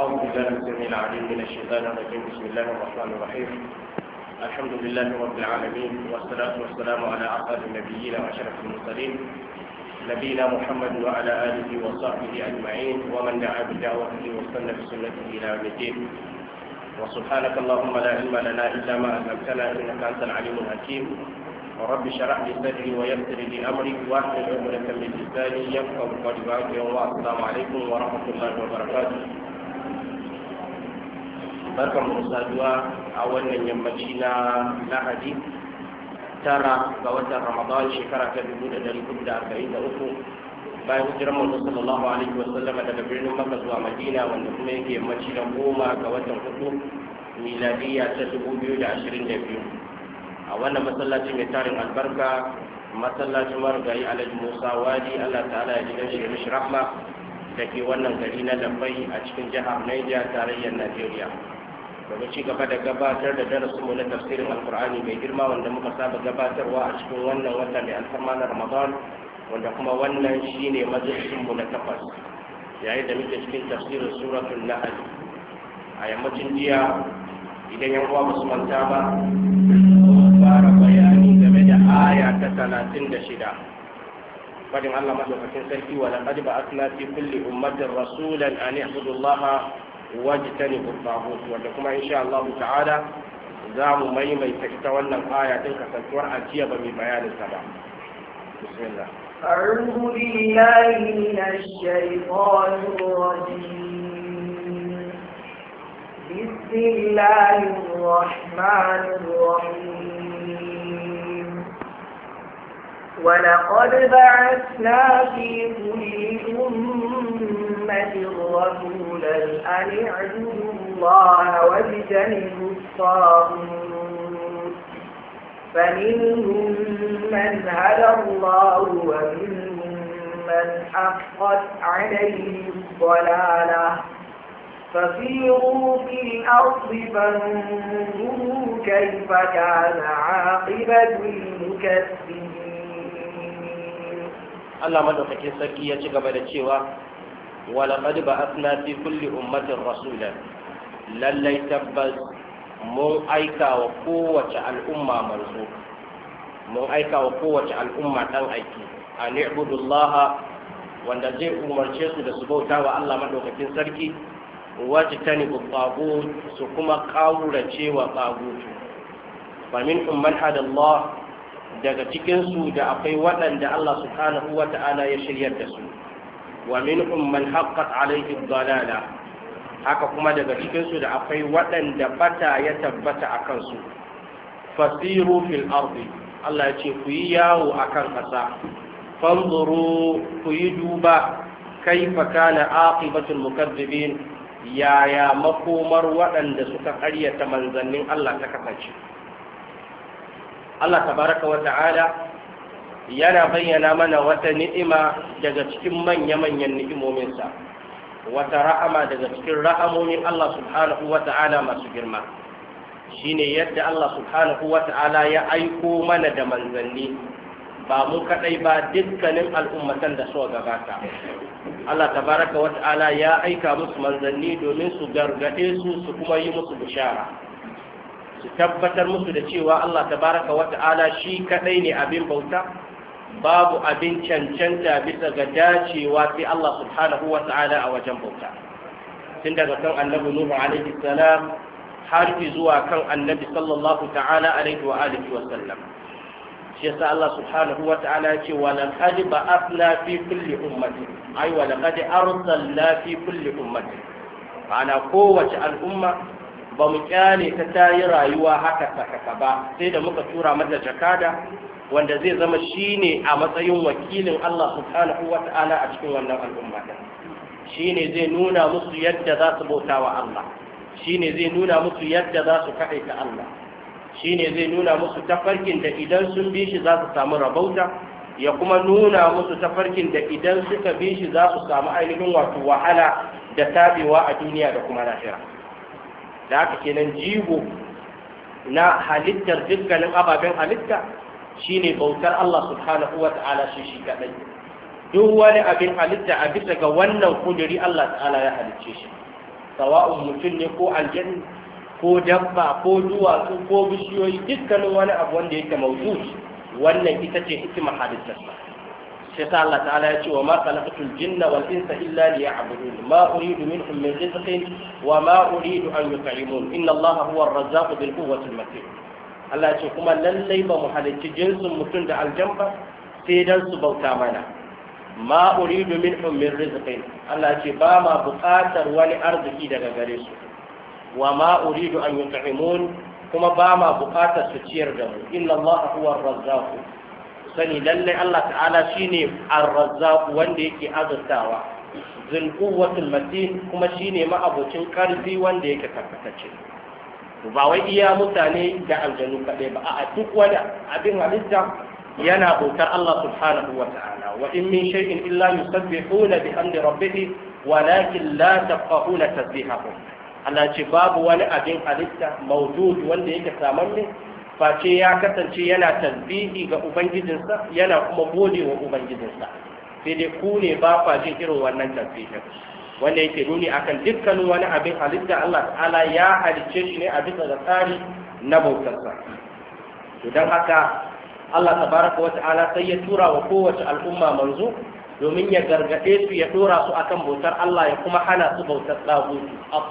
أعوذ بالله السميع العليم من الشيطان الرجيم بسم الله الرحمن الرحيم الحمد لله رب العالمين والصلاة والسلام على أعقاب النبيين وأشرف المرسلين نبينا محمد وعلى آله وصحبه أجمعين ومن دعا بدعوته واستنى بسنته إلى يوم الدين وسبحانك اللهم لا علم لنا إلا ما علمتنا إنك أنت العليم الحكيم رب اشرح لي صدري ويسر لي امري واحلل عمرة من لساني يفقه قولي يوم السلام عليكم ورحمه الله وبركاته barkan mu saduwa a wannan yammaci na lahadi tara ga watan ramadan shekara ta dubu da dari hudu da arba'in da uku bayan hijirar manzo sallallahu alaihi wa sallam daga birnin makka zuwa madina wanda kuma yake yammaci na goma ga watan hudu miladiya ta dubu biyu da ashirin da biyu a wannan masallaci mai tarin albarka masallacin marigayi alhaji musa wadi allah ta'ala ya ji dan shi mishi rahma da ke wannan gari na lambai a cikin jihar Niger tarayyar Najeriya. domin ci gaba da gabatar da darasinmu na tafsirin alkur'ani mai girma wanda muka saba gabatarwa a cikin wannan wata mai alfarma na ramadan wanda kuma wannan shi ne mu na takwas yayin da muke cikin tafsirin suratun na'al a yammacin jiya idan yan uwa basu manta ba fara bayani game da aya ta talatin da shida fadin allah madaukakin sarki wa laqad ba'athna fi kulli ummatin rasulan an ya'budu allaha واجتنبوا الطاغوت وكما ان شاء الله تعالى زام مي مي تكتا ولا آية تلك تكتور أتيا بمبيان السبع بسم الله أعوذ بالله من الشيطان الرجيم بسم الله الرحمن الرحيم ولقد بعثنا في كل أمة محمد أن اعبدوا الله واجتنبوا الطاغوت فمنهم من هدى الله ومنهم من حقت عليه الضلالة فسيروا في الأرض فانظروا كيف كان عاقبة المكذبين Allah madaukakin sarki ya ci gaba da cewa ولقد بعثنا في كل أمة رسولا lallai تبز mun aika wa kowace al'umma dan aiki a ni'budullaha wanda zai umarce su da su bauta wa Allah madaukakin sarki wace ta ne su kuma ƙaurace wa tsagutu famin umman hadallah daga cikinsu da akwai waɗanda Allah subhanahu wa ta'ala ya shiryar da su wa minhum man haqqat alayhi haka kuma daga cikinsu da akwai waɗanda bata ya tabbata a kansu fasiru fil ardi Allah ya ce ku yi yawo akan ƙasa fanzuru ku yi duba kaifa kana aqibatul mukazzibin yaya makomar waɗanda suka ƙaryata manzannin Allah ta kasance Allah tabaraka wa ta'ala yana bayyana mana wata ni'ima daga cikin manya-manyan ni'imominsa wata ra'ama daga cikin ra'amomin Allah subhanahu wa ta'ala masu girma shine yadda Allah subhanahu wa ta'ala ya aiko mana da manzanni ba mu kadai ba dukkanin al'ummatan da suka gabata Allah tabaraka wa ta'ala ya aika musu manzanni domin su gargade su su kuma yi musu bishara su tabbatar musu da cewa Allah tabaraka wa ta'ala shi kadai ne abin bauta babu abin cancanta bisa ga dacewa sai Allah subhanahu wa ta'ala a wajen bauta tun daga kan annabi Nuhu alaihi salam har zuwa kan annabi sallallahu ta'ala alaihi wa alihi wa sallam shi yasa Allah subhanahu wa ta'ala ce wa laqad ba'athna fi kulli ummati ay wa laqad arsalna fi kulli ummati ma'ana kowace al'umma ba mu kyale ta tayi rayuwa haka saka ba sai da muka tura mata jakada wanda zai zama shi ne a matsayin wakilin Allah subhanahu wata'ala a cikin wannan al'umma ne zai nuna musu yadda za su bauta wa Allah Shi ne zai nuna musu yadda za su kaɗaita Allah Shi ne zai nuna musu tafarkin da idan sun bi shi za su samu rabauta ya kuma nuna musu tafarkin da idan suka bi shi za su samu ainihin wato wahala da tabewa a duniya da kuma lahira da haka kenan jigo na halittar dukkanin ababen halitta shine bautar Allah subhanahu wa ta'ala shi shi kadai duk wani abin halitta a bisa ga wannan kuduri Allah ta'ala ya halicce shi sawa'un mutum ne ko aljanni ko dabba ko duwatsu ko bishiyoyi dukkanin wani abu wanda yake mawdu wannan ita ce hikimar halittarsa sai ta Allah ta'ala ya ce wa ma khalaqatul jinna wal insa illa liya'budun ma uridu minhum min rizqin wa ma uridu an yut'imun inna Allah huwa ar-razzaqu dhul quwwati al-matin Allah ce kuma lallai ba mu halicci jinsin mutum da aljan ba sai dan su bauta mana ma uridu minhum min rizqin Allah ce ba ma buƙatar wani arziki daga gare su wa ma uridu an yut'imun kuma ba ma buƙatar su ciyar da mu inna Allah huwa ar sani lallai Allah ta'ala shine ar-razzaq wanda yake azurtawa zul quwwatul matin kuma shine ma'abocin karfi wanda yake karkatacce ba wai iya mutane da aljanu kaɗai ba a duk wani abin halitta yana bautar Allah subhanahu wa ta'ala wa in min shay'in illa yusabbihuna bihamdi rabbih walakin la tafqahuna tasbihahum Allah ce babu wani abin halitta mawjud wanda yake samanne face ya kasance yana tasbihi ga ubangijinsa yana kuma gode wa ubangijinsa sai dai ku ne ba kwa jin irin wannan tasbihin wanda yake nuni akan dukkanin wani abin halitta Allah ta'ala ya halicce shi ne a bisa da tsari na bautarsa to don haka Allah tabaraka wata'ala sai ya tura wa kowace al'umma manzo domin ya gargade su ya dora su akan bautar Allah ya kuma hana su bautar tsagut at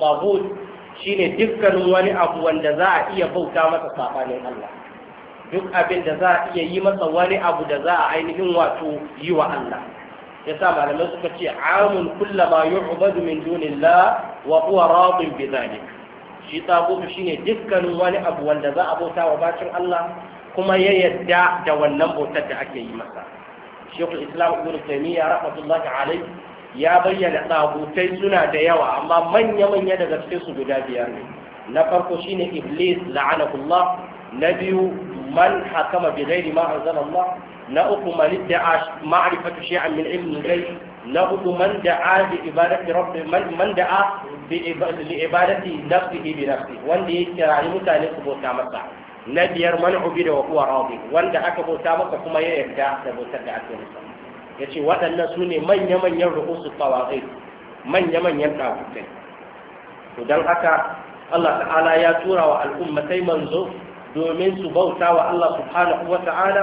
shine dukkanin wani abu wanda za a iya bauta masa sabanin Allah duk abin da za a iya yi masa wani abu da za a ainihin wato yi wa Allah yasa malamai suka ce amun kullama yu'badu min dunillah wa huwa radin bi dhalik shi ne shine dukkanin wani abu wanda za a bauta wa bacin Allah kuma ya yadda da wannan bautar da ake yi masa shekul islam ibn taymiya rahmatullahi alayhi ya bayyana tagutai suna da yawa amma manya-manya daga cikin su guda biyar ne na farko shine iblis la'anahullah na biyu man hakama bi ghairi ma anzalallah na uku man da'a ma'rifatu shay'an min ilmi ghaib na uku man da'a bi ibadati rabbi man man da'a bi ibadati nafsihi bi nafsi wanda ya kira mutane su bauta masa na biyar man ubida wa huwa radi wanda aka bauta kuma ya yarda da bautar da yace waɗannan su ne manya-manyan rukusu tawazai manya-manyan tawakai don haka Allah ta'ala ya tura wa al'ummatai manzo domin su bauta wa Allah subhanahu wa ta'ala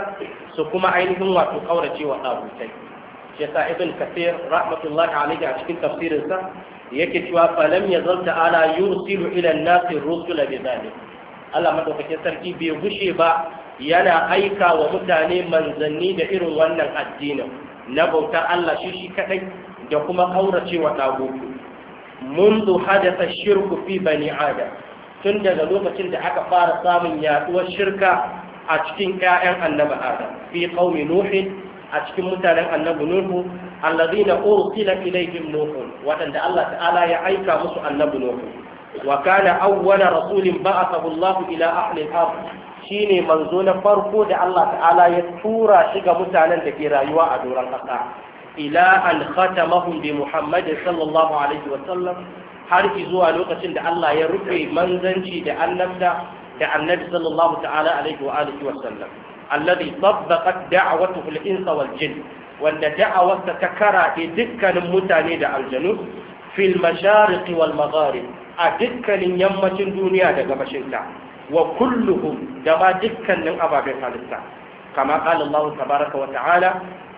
su kuma ainihin wato kaurace wa ɗagutai shi yasa ibn kasir rahmatullahi alaihi a cikin tafsirinsa yake cewa falam ya zalta ala yursilu ila an-nasi rusula bi zalik Allah madaukakin sarki bai gushe ba yana aika wa mutane manzanni da irin wannan addinin na bauta Allah shi shi kadai da kuma kaurace wa ɗagutu Mun حدث الشرك في بني آدم tun daga lokacin da aka fara samun yaduwar shirka a cikin ƴaƴan annabi Adam fi qaumi Nuh a cikin mutanen annabi nuhu alladhina ursila ilayhim Nuh wadanda Allah ta'ala ya aika musu annabi nuhu. wa kana awwala rasulin ba'athahu Allah ila ahli al-ard shine manzo na farko da Allah ta'ala ya tura shi ga mutanen da ke rayuwa a doron ƙasa ila an khatamahum bi Muhammad sallallahu alaihi wa sallam har zuwa lokacin da Allah ya rufe manzanci da annabta da annabi sallallahu ta'ala alaihi wa alihi wa sallam alladhi tabbaqat da'watuhu al-insa wal jin. wanda da'awarsa ta karaɗe dukkanin mutane da aljanu fil mashariki wal magharib a dukkanin yammacin duniya da gabashinta wa kulluhum da ma dukkanin ababen halitta kama qala Allah tabaraka wa ta'ala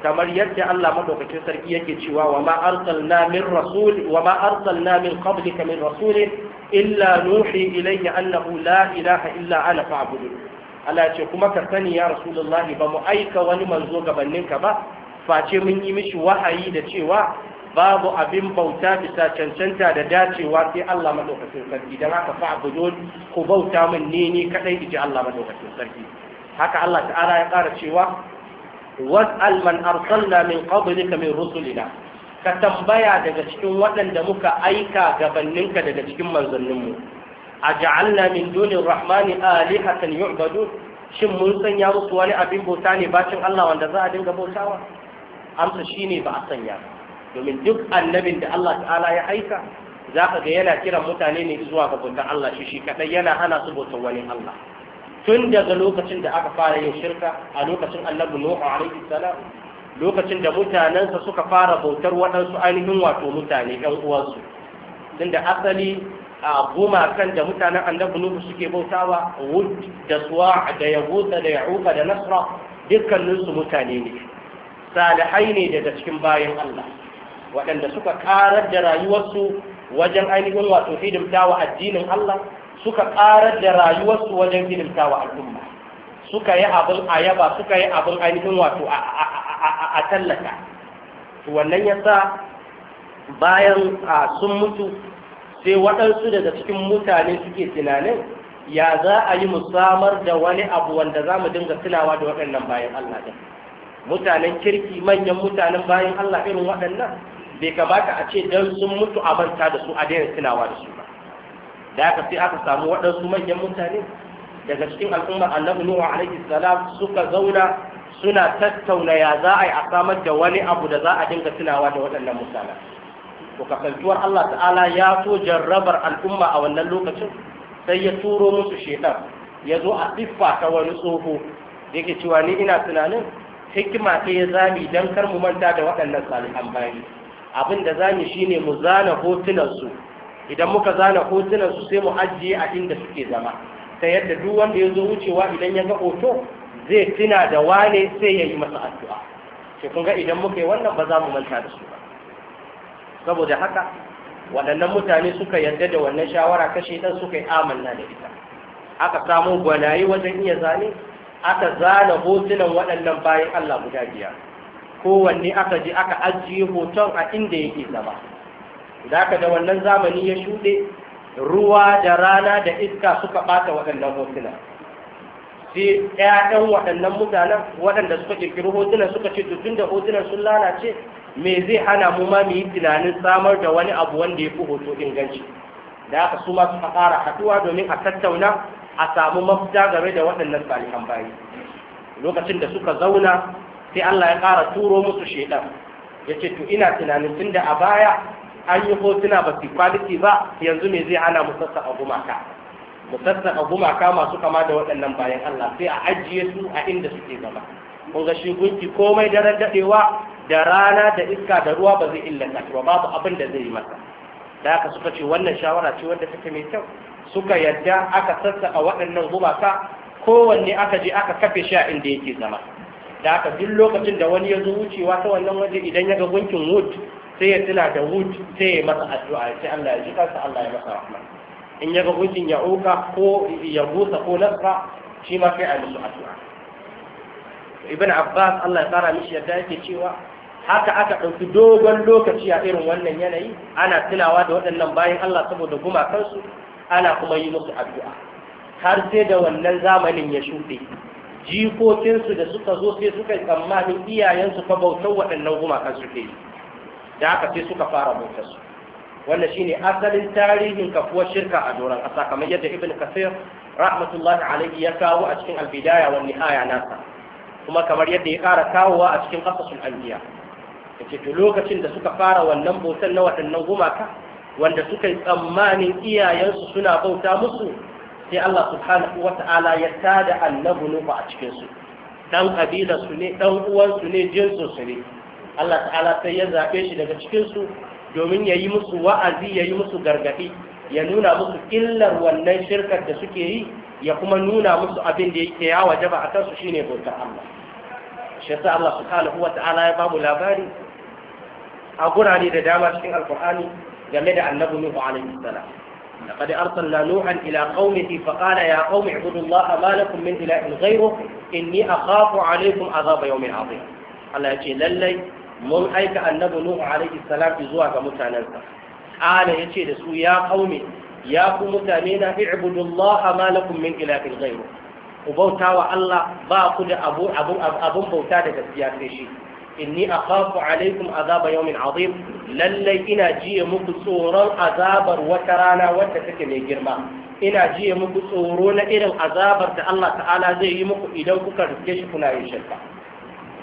kamar yadda Allah madaukakin sarki yake cewa wa ma arsalna min rasul wa ma arsalna min qablika min rasul illa nuhi ilayhi annahu la ilaha illa ana fa'budu Allah ce kuma ka sani ya rasulullahi ba mu aika wani manzo gabaninka ba face mun yi mishi wahayi da cewa babu abin bauta bisa cancanta da dacewa sai Allah madaukakin sarki dan haka fa'budu ku bauta min ni ni kadai ji Allah madaukakin sarki haka Allah ta'ala ya ƙara cewa was'al man arsalna min qablika min rusulina ka tambaya daga cikin waɗanda muka aika gabaninka daga cikin manzanninmu a ja'alna min dunin rahmani alihatan yu'badu shin mun sanya musu wani abin bauta ne bacin Allah wanda za a dinga bautawa amsa shine ba a sanya domin duk annabin da Allah ta'ala ya aika za ka ga yana kiran mutane ne zuwa ga bautar Allah shi shi kadai yana hana su bautar wani Allah tun daga lokacin da aka fara yin shirka a lokacin annabi Nuhu alaihi salam lokacin da mutanensa suka fara bautar waɗansu ainihin wato mutane ɗan uwansu tunda asali a gumakan da mutanen annabi Nuhu suke bautawa wud da suwa da yahuda da ya'uka da nasra dukkaninsu mutane ne salihai ne daga cikin bayan Allah waɗanda suka karar da rayuwarsu wajen ainihin wato hidimta addinin Allah suka ƙarar da rayuwarsu wajen hidimta wa al'umma suka yi abin ayaba suka yi abin ainihin wato a tallata wannan ya sa bayan sun mutu sai waɗansu daga cikin mutane suke tunanin ya za a yi musamar da wani abu wanda za mu dinga tunawa da waɗannan bayan Allah ɗin mutanen kirki manyan mutanen bayan Allah irin waɗannan bai kamata a ce don sun mutu a manta da su a daina tunawa da su da aka sai aka samu waɗansu manyan mutane daga cikin al'ummar annabi nuhu alaihi salam suka zauna suna tattauna ya za a yi a samar da wani abu da za a dinga tunawa da waɗannan mutane to Allah ta'ala ya so jarrabar al'umma a wannan lokacin sai ya turo musu shedan ya zo a siffa ta wani tsoho da yake cewa ni ina tunanin hikima ta ya zami don kar mu manta da waɗannan salihan bayani abin da zami shine mu zana hotunan su. idan muka zana hotunan su sai mu ajiye a inda suke zama ta yadda duk wanda ya zo wucewa idan ya ga hoto zai tuna da wane sai ya yi masa addu'a sai kun ga idan muka yi wannan ba za mu manta da su ba saboda haka waɗannan mutane suka yarda da wannan shawara kashe ɗan suka yi amanna da ita aka samu gwanaye wajen iya zane aka zana hotunan waɗannan bayan Allah guda biyar kowanne aka je aka ajiye hoton a inda yake zama da aka da wannan zamani ya shuɗe ruwa da rana da iska suka ɓata waɗannan hotuna sai ɗayan waɗannan mutanen waɗanda suka ƙirƙiri hotunan suka ce tun da hotunan sun lalace me zai hana mu ma mu yi tunanin samar da wani abu wanda ya fi hoto inganci da aka su ma suka ƙara haɗuwa domin a tattauna a samu mafita game da waɗannan salihan bayi lokacin da suka zauna sai Allah ya ƙara turo musu shaidan ya ce to ina tunanin tun da a baya an yi hotuna ba su kwaliki ba yanzu ne zai hana mu sassaka gumaka mu sassaka gumaka masu kama da waɗannan bayan Allah sai a ajiye su a inda suke zama kun ga shi gunki komai daren dadewa da rana da iska da ruwa ba zai illata ba babu abin da zai yi masa da haka suka ce wannan shawara ce wanda take mai kyau suka yadda aka sassaka waɗannan gumaka kowanne aka je aka kafe shi a inda yake zama da haka duk lokacin da wani ya zo wucewa ta wannan waje idan ya ga gunkin wood sai ya tuna da wut sai ya masa addu'a ya ce Allah ya ji kansa Allah ya masa rahma in ya ga wucin ya uka ko ya busa ko nasra shi ma sai a musu addu'a ibn abbas Allah ya tsara mishi yadda yake cewa haka aka ɗauki dogon lokaci a irin wannan yanayi ana tunawa da waɗannan bayan Allah saboda gumakansu ana kuma yi musu addu'a har sai da wannan zamanin ya shuɗe jikokinsu da suka zo sai suka yi tsammanin iyayensu fa bautar waɗannan gumakan ke yi da aka ce suka fara mota su wanda shine asalin tarihin kafuwar shirka a doron ƙasa kamar yadda ibn kasir rahmatullahi alaihi ya kawo a cikin albidaya wa nihaya nasa kuma kamar yadda ya kara kawowa a cikin qasasul anbiya yace to lokacin da suka fara wannan bautan na waɗannan gumaka wanda suka yi tsammanin iyayensu suna bauta musu sai Allah subhanahu wata'ala ya tada annabu nufa a cikin su dan kabilar su ne dan uwan ne jinsin su ne Allah ta'ala sai ya zaɓe shi daga cikinsu domin ya yi musu wa'azi ya yi musu gargaɗi ya nuna musu illar wannan shirkar da suke yi ya kuma nuna musu abin da yake ya wajaba a kansu shine bautar Allah shi yasa Allah subhanahu wa ta'ala ya babu labari a gurare da dama cikin alkur'ani game da annabi Nuhu alaihi salam لقد أرسلنا نوحا إلى قومه فقال يا قوم اعبدوا الله ما لكم من إله غيره إني أخاف عليكم عذاب يوم عظيم Allah ya ce lallai mun aika annabi nuhu alaihi salam zuwa ga mutanensa qala yace da su ya qaumi ya ku mutane na i'budullaha ma lakum min ilahin ghayru ku bauta wa Allah ba ku da abu abun abun bauta da gaskiya sai shi inni akhafu alaikum azaba yawmin azim lallai ina jiye muku tsoron azabar wata rana wadda take mai girma ina jiye muku tsoro na irin azabar da Allah ta'ala zai yi muku idan kuka rike shi kuna yin shirka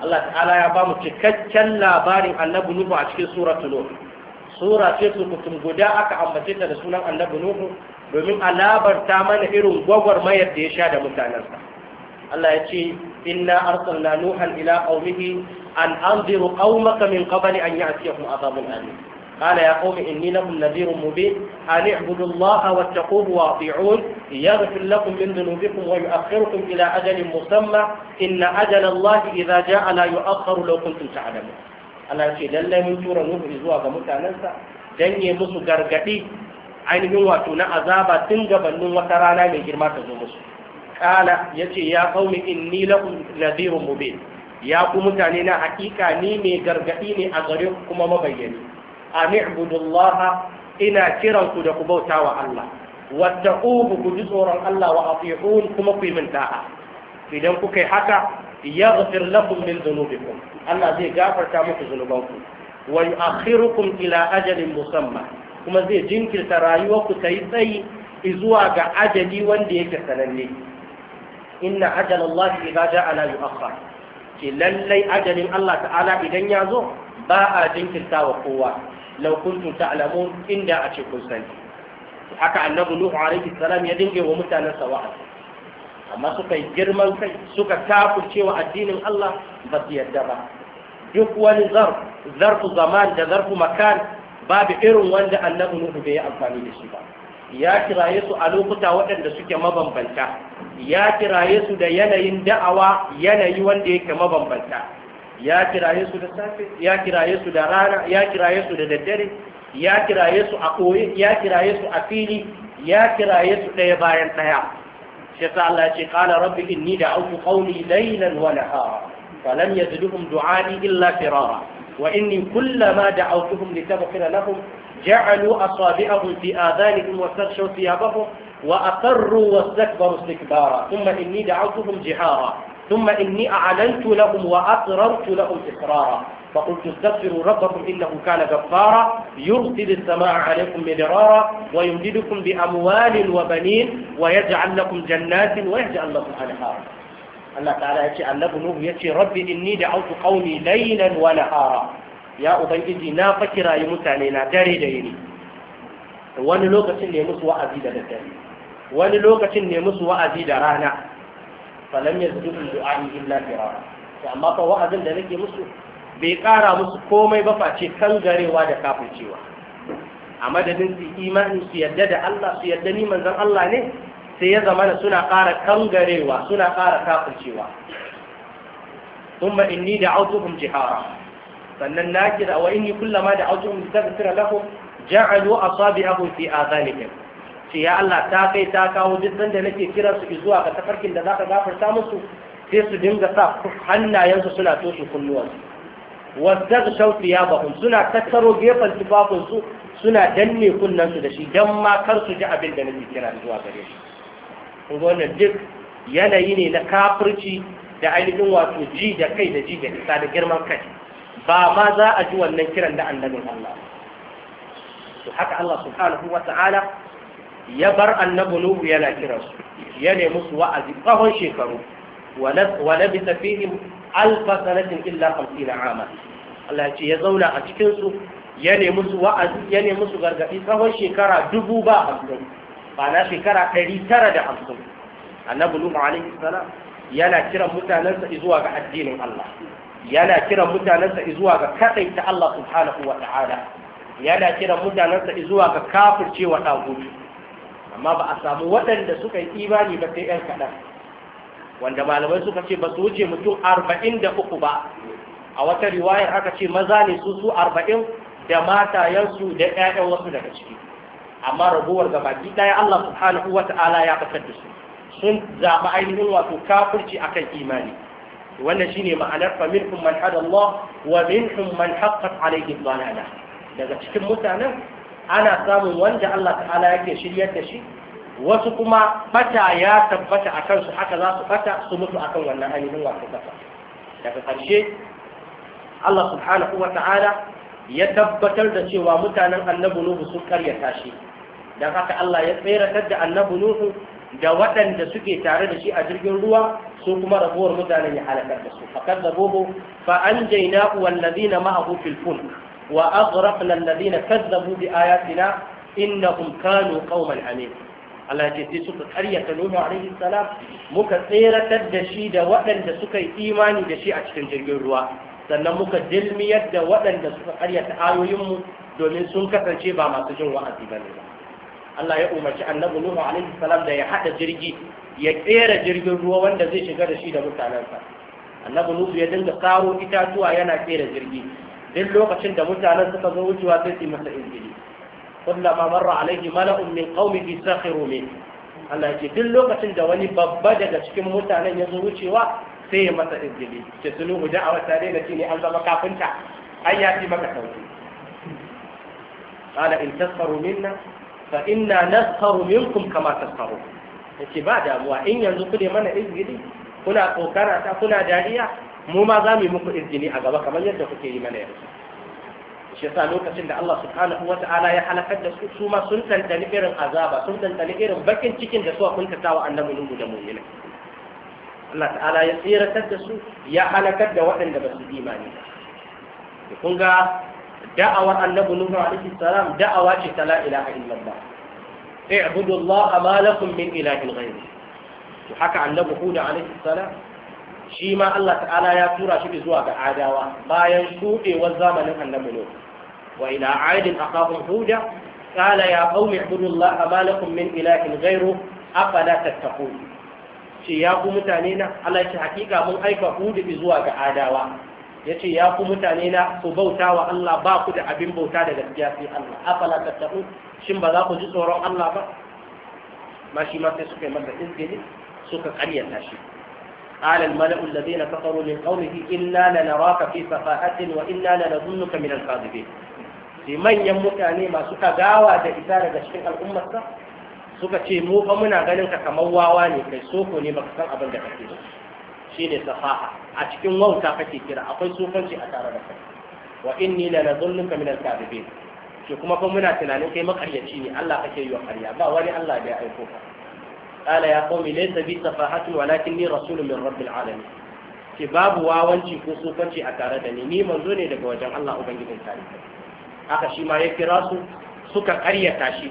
Allah ta'ala ya ba mu cikakken labarin annabi Nuhu a cikin suratul Nuh sura ce guda aka ambace ta da sunan annabi Nuhu domin alabar ta mana irin gwagwarmayar da ya sha da mutanensa Allah ya ce inna arsalna nuhan ila qaumihi an anziru qaumaka min qabli an ya'tiyahum azabun alim قال يا قوم إني لكم نذير مبين أن اعبدوا الله واتقوه واطيعون يغفر لكم من ذنوبكم ويؤخركم إلى أجل مسمى إن أجل الله إذا جاء لا يؤخر لو كنتم تعلمون Allah ce lallai mun tura Nuhu zuwa ga sa dan ya musu gargadi ainihin wato na azaba tun gabanin wata rana mai girma ta zo musu kala yace ya qaumi inni lakum ya ku mutane na hakika ni mai gargadi ne a gare ku kuma mabayyani an ibudullaha ina kiran ku da ku bauta wa Allah wattaquhu ku ji tsoron Allah wa atiyun kuma ku yi min da'a idan kuka yi haka yaghfir lakum min dhunubikum Allah zai gafarta muku zunubanku wa yu'akhirukum ila ajalin musamma kuma zai jinkirta rayuwarku ta yi tsayi zuwa ga ajali wanda yake sananne inna ajalallahi idza ja'a la yu'akhkhar ki lallai ajalin Allah ta'ala idan ya zo ba a jinkirta kowa law kuntum ta'lamun inda a ce kun sani haka annabi nuhu alaihi salam ya dinge wa mutanen sa amma suka girman kai suka kafirce cewa addinin Allah ba su yarda ba duk wani zarf zarfu zaman da zarfu makan babu irin wanda annabi nuhu bai yi amfani da shi ba ya kiraye su a lokuta waɗanda suke mabambanta ya kiraye su da yanayin da'awa yanayi wanda yake mabambanta ya kiraye su da safe ya kiraye su da rana ya kiraye su da daddare ya kiraye su a koye ya kiraye su a fili ya kiraye su ɗaya bayan ɗaya shi sa Allah ce qala rabbi inni da'awtu qawmi laylan wa nahara falam yazduhum du'ani illa firara wa inni kullama da'awtuhum litaghfira lahum ja'alu asabi'ahum fi adhanihim wastaghshaw thiyabahum وأقروا واستكبروا استكبارا ثم إني دعوتهم جهارا ثم إني أعلنت لهم وأقررت لهم إقرارا فقلت استغفروا ربكم إنه كان غفارا يرسل السماء عليكم مدرارا ويمددكم بأموال وبنين ويجعل لكم جنات ويجعل لكم أنهارا الله تعالى يأتي النبي نوح يأتي ربي إني دعوت قومي ليلا ونهارا يا أبي نا فكرا يمتعني نا داري ديني wani lokacin ne musu wa'azi da daddare wani lokacin falam yazduqu du'a'i illa firara to amma fa wa'azin da nake musu bai kara musu komai ba face kan garewa da kafircewa a madadin su imani su yadda da Allah su yadda ni manzon Allah ne sai ya zamana suna kara kan garewa, suna ƙara kafircewa ثم إني دعوتهم جهارا sannan na kira wa inni kullama da aujuhum taghfira lahum ja'alu asabi'ahum fi adhanihim ce ya Allah ta kai ta kawo duk da nake kira su zuwa ga tafarkin da zaka gafarta musu sai su dinga sa hannayensu suna toshe kunnuwansu ya thiyabahum suna tattaro gefen tufafinsu suna danne kunnensu da shi dan ma kar su ji abin da nake kira zuwa gare shi kun ga wannan duk yanayi ne na kafirci da ainihin wato ji da kai da ji da isa da girman kai ba ma za a ji wannan kiran da annabin Allah to haka Allah subhanahu wa ta'ala ya bar annabi nuhu yana kira su ya nemi su wa'azi tsawon shekaru wa labisa fihim alfa sanatin illa 50 ama Allah ce ya zauna a cikin su ya nemi su wa'azi ya nemi su gargadi tsawon shekara dubu ba hamsin ba na shekara ɗari tara da hamsin annabi nuhu alaihi salam yana kiran mutanensa zuwa ga addinin Allah yana kiran mutanensa zuwa ga kadaita Allah subhanahu wa ta'ala yana kiran mutanensa zuwa ga kafircewa dagutu amma ba a samu waɗanda suka yi imani ba sai ‘yan kaɗan wanda malamai suka ce ba su wuce mutum arba'in da uku ba a wata riwayar aka ce maza ne su su arba'in da matayensu da ‘ya'yan wasu daga ciki amma raguwar gaba, baki ɗaya Allah subhanahu wa ta'ala ya fitar da su sun zaɓi ainihin wato kafirci akan imani wannan shine ma'anar fa minhum man hada Allah wa minhum man haqqat alayhi dhalala daga cikin mutanen ana samun wanda Allah ta'ala yake shiryar da shi wasu kuma bata ya tabbata a kansu haka za su bata su mutu akan wannan ainihin wato bata daga ƙarshe Allah subhanahu wa ta'ala ya tabbatar da cewa mutanen annabi Nuhu sun karyata shi dan haka Allah ya tseratar da annabi Nuhu da waɗanda suke tare da shi a jirgin ruwa su kuma rabuwar mutanen ya halakar da su fakar da fa an jaina wallazina ma'ahu fil fulk wa aghraqna alladhina kazzabu bi ayatina innahum kanu qauman amin Allah ce sai suka karyata Nuhu alaihi salam muka tseratar da shi da waɗanda suka yi imani da shi a cikin jirgin ruwa sannan muka dilmiyar da waɗanda suka karyata ayoyinmu domin sun kasance ba masu jin wa'azi ba ne Allah ya umarci annabi Nuhu alaihi salam da ya haɗa jirgi ya tsere jirgin ruwa wanda zai shiga da shi da mutanensa annabi Nuhu ya dinga karo itatuwa yana ƙera jirgi duk lokacin da mutanen suka zo wucewa sai su masa izgili kullama marra alaihi mala'un min qaumihi sakhiru min Allah ya ce duk lokacin da wani babba daga cikin mutanen ya zo wucewa sai ya masa izgili ce sunu da'awa tare da shi ne an zama kafinta ai ya fi maka sauki قال إن تسخروا منا فإنا نسخر منكم كما تسخرون yace ba damuwa in yanzu ku ne mana izgili kuna kokara ta kuna dariya mu ma za mu yi muku izgini a gaba kamar yadda kuke yi mana yanzu shi yasa lokacin da Allah subhanahu wata'ala ya halakar da su su ma sun tantani irin azaba sun tantani irin bakin cikin da suka kuntata wa annabi nuhu da mu'mina Allah ta'ala ya tsiratar da su ya halakar da waɗanda ba su imani ba kun ga da'awar annabi nuhu alaihi salam da'awa ce ta la ilaha illallah اعبدوا الله ما لكم من اله غيره وحكى عن النبي هود عليه السلام shi ma Allah ta'ala ya tura shi zuwa ga adawa bayan shuɗewar zamanin annabi ne wa ila aidin akahum huda qala ya qaumi ibudullaha ma lakum min ilahin ghayru afala tattaqun ce ya ku mutane na Allah hakika mun aika hudu zuwa ga adawa yace ya ku mutane na ku bauta wa Allah ba ku da abin bauta da gaskiya sai Allah afala tattaqun shin ba za ku ji tsoron Allah ba ma shi ma sai suka yi masa izgili suka karyata shi قال الملأ الذين كفروا من قومه إنا لنراك في سفاهة وإنا لنظنك من الكاذبين sai manyan mutane masu tagawa da ita daga cikin al'ummarsa suka ce mu fa muna ganin ka kamar wawa ne kai soko ne baka san abin da kake ba shine safaha a cikin wauta kake kira akwai sofanci a tare da kai wa inni la nadhunnuka min al-kadhibin shi fa muna tunanin kai makaryaci ne Allah kake yi wa karya ba wani Allah da ya aiko ka qala ya qaumi laysa bi safahatun walakinni rasulun min rabbil alamin ce babu wawanci ko sufanci a tare da ni ni manzo ne daga wajen Allah ubangijin tarihi haka shi ma ya kira su suka karyata shi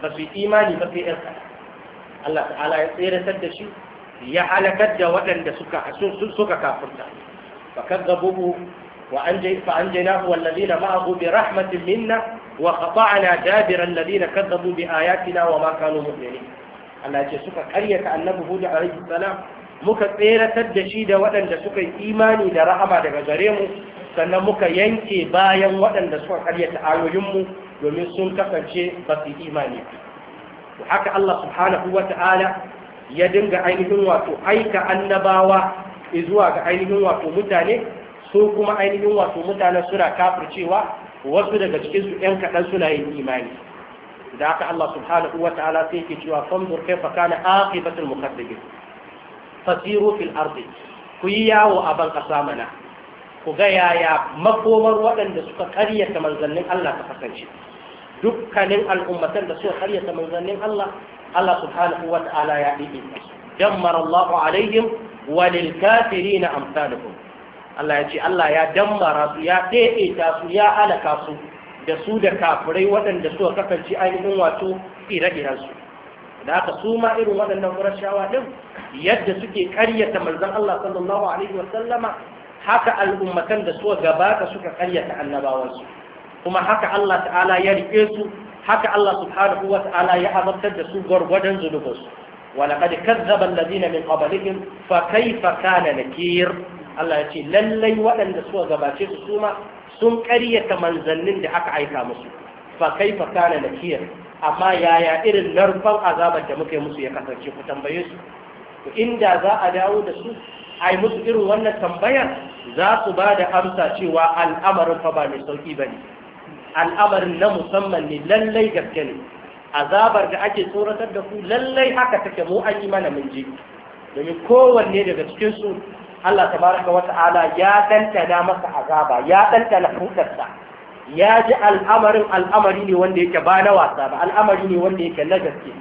ba su imani ba sai yarsa Allah ta'ala ya tseratar da shi ya halakar da waɗanda suka suka kafirta fa kadzabuhu wa anjay fa anjaynahu wal ladina ma'ahu bi rahmatin minna wa qata'na dabira alladina kadzabu bi ayatina wa ma kanu mu'minin Allah ce suka karyata annabi Hud alaihi salam muka tseratar da shi da waɗanda suka yi imani da rahama daga gare mu sannan muka yanke bayan waɗanda suka karyata mu domin sun kasance ba su imani haka Allah subhanahu wa ta'ala ya dinga ainihin wato aika annabawa zuwa ga ainihin wato mutane su kuma ainihin wato mutane suna kafircewa wasu daga cikinsu ‘yan kaɗan suna yin imani da haka Allah subhanahu wa ta'ala sai yake cewa fanzur kaifa kana aqibatul mukaththibin fasiru fil ardi ku yi yawo a ban kasa mana ku ga yaya makomar waɗanda suka karyata manzannin Allah ta kasance dukkanin al'ummatan da suka karyata manzannin Allah Allah subhanahu wa ta'ala ya dide su dammara Allah alaihim wa lil kafirin amsalukum Allah ya ce Allah ya dammara su ya daidaita su ya alaka su da su da kafirai waɗanda suka kasance ainihin wato ire-irensu da aka su ma irin waɗannan ƙurashawa ɗin yadda suke ƙaryata manzon Allah sallallahu alaihi wa sallama haka al'ummatan da suka ka suka karyata annabawansu kuma haka Allah ta'ala ya riƙe su haka Allah subhanahu wa ta'ala ya azabtar da su gwargwadon zunubinsu ولقد كذب الذين من قبلهم فكيف كان نكير Allah ya ce lallai waɗanda suka gabace su suma sun ƙaryata manzannin da aka aika musu fa kai fa kana nakiyar amma yaya irin narkon azabar da muka yi musu ya kasance ku tambaye su to inda za a dawo da su ai musu irin wannan tambayar za su ba da amsa cewa al'amarin fa ba mai sauki ne. al'amarin na musamman ne lallai gaske ne azabar da ake tsoratar da ku lallai haka take mu an yi mana mun je. domin kowanne daga cikinsu Allah tabaraka wa ta'ala ya dantana masa azaba ya dantana hukuntarsa ya ji al'amarin al'amari ne wanda yake ba na wasa ba al'amari ne wanda yake na gaske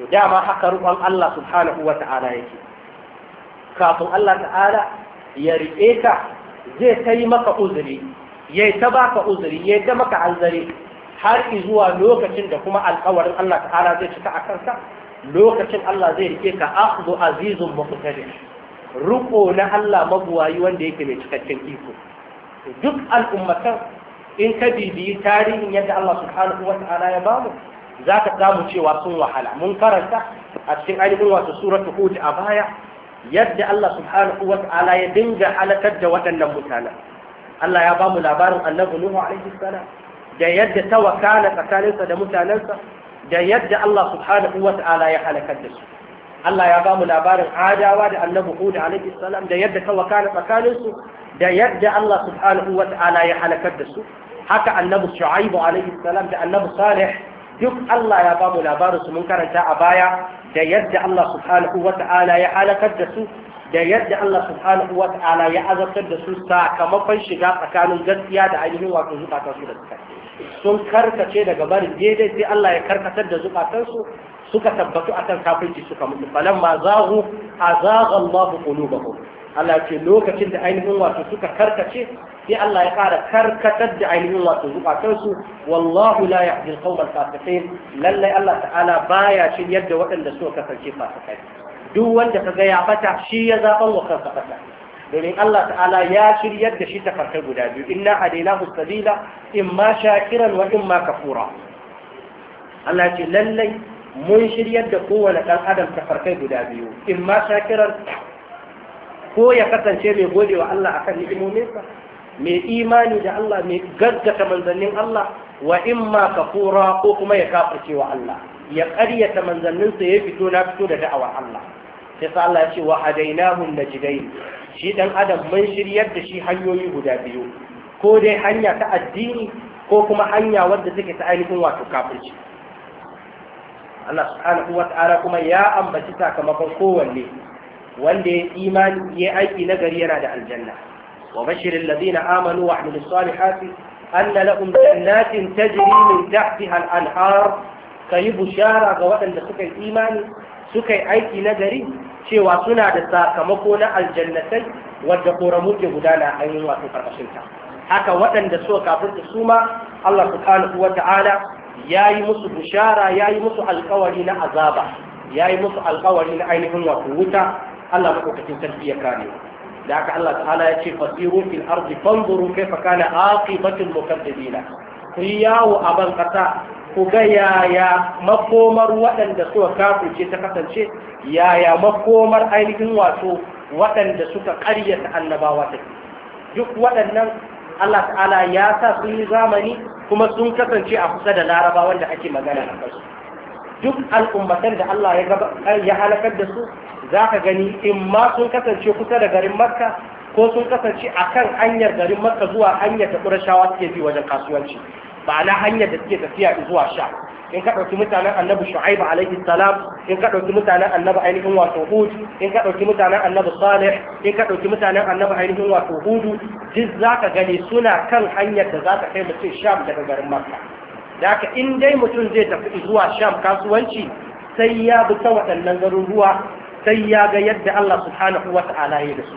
to dama haka rukun Allah subhanahu ya yake kafin Allah ta'ala ya riƙe ka zai ta maka uzuri ya tabaka ta baka uzuri ya ta maka anzari har zuwa lokacin da kuma alƙawarin Allah ta'ala zai cika a kansa lokacin Allah zai riƙe ka akhdhu azizun muqtadir riko na Allah mabuwayi wanda yake mai cikakken iko duk al'ummatan in ka bibiyi tarihin yadda Allah subhanahu wa ta'ala ya bamu za ka samu cewa sun wahala mun karanta a cikin ainihin wato suratul hud a baya yadda Allah subhanahu wa ta'ala ya dinga halakar da waɗannan mutanen Allah ya bamu labarin annabi Nuhu alaihi salam da yadda ta wakana tsakaninsa da mutanensa da yadda Allah subhanahu wa ta'ala ya halakar da su Allah ya ba mu labarin adawa da annabi Hud alaihi salam da yadda ta wakana tsakanin su da yadda Allah subhanahu wa ta'ala ya halakar da su haka annabi Shu'aib alaihi salam da annabi Salih duk Allah ya ba mu labarin su mun karanta a baya da yadda Allah subhanahu wa ta'ala ya halakar da su da yadda Allah subhanahu wa ta'ala ya azabtar da su sakamakon shiga tsakanin gaskiya da ainihin wato zukatan su da suka sun karkace daga barin daidai sai Allah ya karkatar da zukatansu suka tabbatu akan kafirci suka mutu falamma zaghu azagha Allahu qulubahum Allah ce lokacin da ainihin wato suka karkace sai Allah ya ƙara karkatar da ainihin wato zukatansu wallahu la yahdi al-qawmal fasiqin lallai Allah ta'ala baya shin yadda waɗanda suka kasance fasikai duk wanda kaga ya bata shi ya zaban wa kansa bata domin Allah ta'ala ya shiryar da shi tafarkai guda biyu inna hadainahu sabila imma shakiran wa imma kafura Allah ce lallai mun shiryar da kowane ɗan adam ta farkai guda biyu in ma shakirar ko ya kasance mai gode wa Allah akan ni'imominsa mai imani da Allah mai gaggata manzannin Allah wa in ma kafura ko kuma ya kafirce wa Allah ya ƙaryata manzanninsa ya fito na fito da da'awar Allah sai sa Allah ya ce wa hadainahum najdain shi dan adam mun shiryar da shi hanyoyi guda biyu ko dai hanya ta addini ko kuma hanya wadda take ta ainihin wato kafirci Allah subhanahu wa ta'ala kuma ya ambaci sakamakon kowanne wanda ya imani ya aiki nagari yana da aljanna wa bashirin ladina amanu wa amilus salihati anna lahum jannatin tajri min tahtiha al-anhar kayi bushara ga waɗanda suka yi imani suka yi aiki nagari cewa suna da sakamako na aljannatai wadda koramu ke gudana a yin wato karkashinta haka waɗanda suka kafin su ma Allah subhanahu wa ta'ala ya yi musu bishara ya yi musu alkawari na azaba ya yi musu alkawari na ainihin wato wuta Allah maɗaukakin sarki ya kare da aka Allah ta'ala ya ce fasiru fil ardi fanzuru kaifa kana aqibatul mukaddibina ku yawo a ban kasa ku ga yaya makomar waɗanda suka kafirce ta kasance yaya makomar ainihin wato waɗanda suka ƙaryata annabawa take duk waɗannan Allah ta'ala ya sa sun yi zamani kuma sun kasance a kusa da laraba wanda ake magana a kansu duk al'ummatan da Allah ya halakar da su za ka gani in ma sun kasance kusa da garin makka ko sun kasance a kan hanyar garin makka zuwa hanyar da ƙurashawa suke bi wajen kasuwanci ba na hanyar da suke tafiya zuwa sha in ka ɗauki mutanen annabi shu'aib alaihi salam in ka ɗauki mutanen annabi ainihin wato hud in ka ɗauki mutanen annabi salih in ka ɗauki mutanen annabi ainihin wato hudu duk za ka gani suna kan hanyar da za ka kai mutum sham daga garin makka da haka in dai mutum zai tafi zuwa sham kasuwanci sai ya bi ta waɗannan garuruwa sai ya ga yadda Allah subhanahu wa ta'ala ya da su